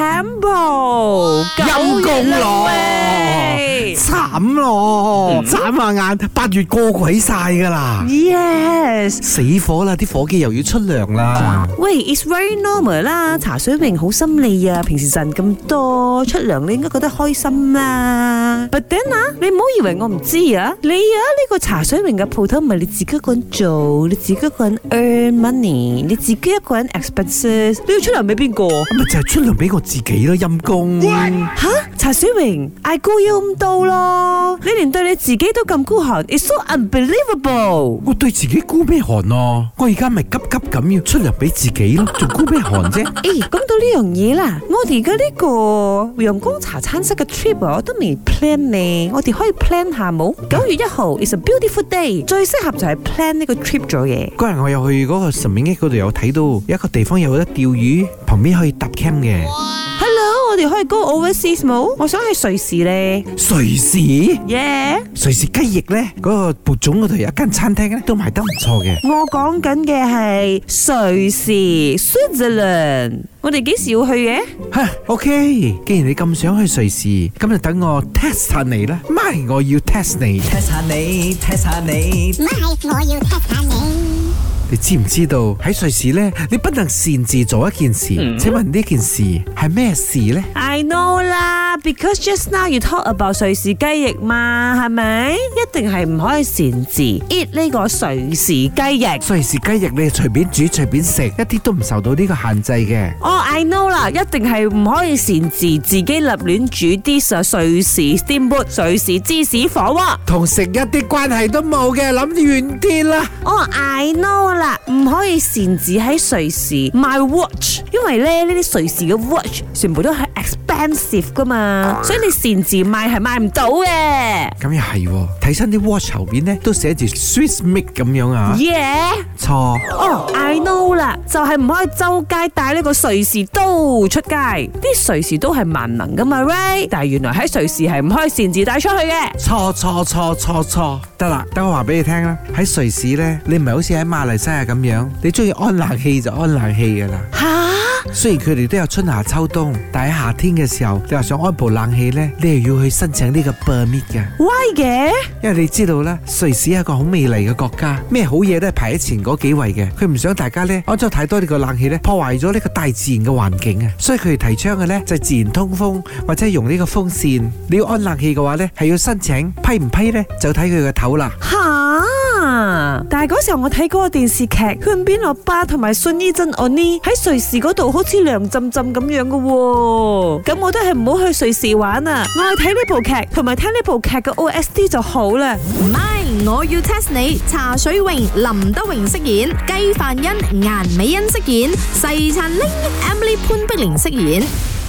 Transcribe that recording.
Temple 陰功咯，慘咯，眨下眼八月過鬼曬噶啦，Yes 死火啦，啲伙計又要出糧啦。喂，It's very normal 啦，茶水明好心利啊，平時賺咁多出糧，你應該覺得開心啦。But then 啊，你唔好以為我唔知啊，你啊呢個茶水明嘅鋪頭唔係你自己一個人做，你自己一個人 earn money，你自己一個人 expenses，你要出糧俾邊個？咪就係出糧俾個，自己都陰功。查水榮，I go you 唔到囉。你連對你自己都咁孤寒？It's mm -hmm. so unbelievable！我對自己孤咩寒囉？我而家咪急急噉要出糧畀自己囉，仲孤咩寒啫？咦，講到呢樣嘢喇？我哋而家呢個陽光茶餐室嘅 trip 我都未 plan 呢，我哋可以 plan 下冇？九月一號，It's 還沽寶寒而已? yeah? a beautiful day 最適合就係 plan 呢個 trip 咗嘢嗰日，我又去嗰個神明益嗰度有睇到一個地方，有得多釣魚，旁邊可以搭 camp wow! 嘅可以 go overseas 冇？我想去瑞士咧。瑞士，yeah。瑞士雞翼咧，嗰個博總嗰度有一間餐廳咧，都賣得唔錯嘅。我講緊嘅係瑞士 （Switzerland）。我哋幾時要去嘅？嚇，OK。既然你咁想去瑞士，咁就等我 test 下你啦。My，我要 test 你。test 下你，test 下你。My，我要 test 下你。你知唔知道喺瑞士呢，你不能擅自做一件事？嗯、請問呢件事係咩事呢？I know 啦，because just now you talk about 瑞士雞翼嘛，係咪？一定係唔可以擅自 eat 呢個瑞士雞翼。瑞士雞翼你隨便煮隨便食，一啲都唔受到呢個限制嘅。哦、oh，I know 啦，一定係唔可以擅自自己立亂煮啲瑞士 steamboat、瑞士芝士火鍋，同食一啲關係都冇嘅，諗遠啲啦。哦、oh，I know 啊。唔可以擅自喺瑞士買 watch，因為咧呢啲瑞士嘅 watch 全部都係 ensive 噶嘛，所以你擅自賣係賣唔到嘅。咁又係，睇親啲 watch 後邊咧都寫住 Swiss Made 咁樣啊。耶，錯。哦，I know 啦，就係唔可以周街帶呢個瑞士刀出街。啲瑞士刀係萬能噶嘛，Ray。但係原來喺瑞士係唔可以擅自帶出去嘅。錯錯錯錯錯，得啦，等我話俾你聽啦。喺瑞士咧，你唔係好似喺馬來西亞咁樣，你中意安冷氣就安冷氣噶啦。嚇！雖然佢哋都有春夏秋冬，但係喺夏天嘅時候，你話想安部冷氣呢，你係要去申請呢個 permit 嘅。Why 嘅？因為你知道啦，瑞士係個好美麗嘅國家，咩好嘢都係排喺前嗰幾位嘅。佢唔想大家呢安裝太多呢個冷氣呢，破壞咗呢個大自然嘅環境啊。所以佢哋提倡嘅呢，就係自然通風，或者用呢個風扇。你要安冷氣嘅話呢，係要申請，批唔批呢？就睇佢個頭啦。吓、huh?！但係嗰時候我睇嗰個電視劇，香檳落巴？同埋孫伊珍安妮喺瑞士嗰度好似涼浸浸咁樣噶，咁我都係唔好去瑞士玩啊。我係睇呢部劇同埋聽呢部劇嘅 O S D 就好啦。唔係，我要 test 你。查水泳、林德榮飾演，雞范恩、顏美恩飾演，細陳玲、Emily 潘碧玲飾演。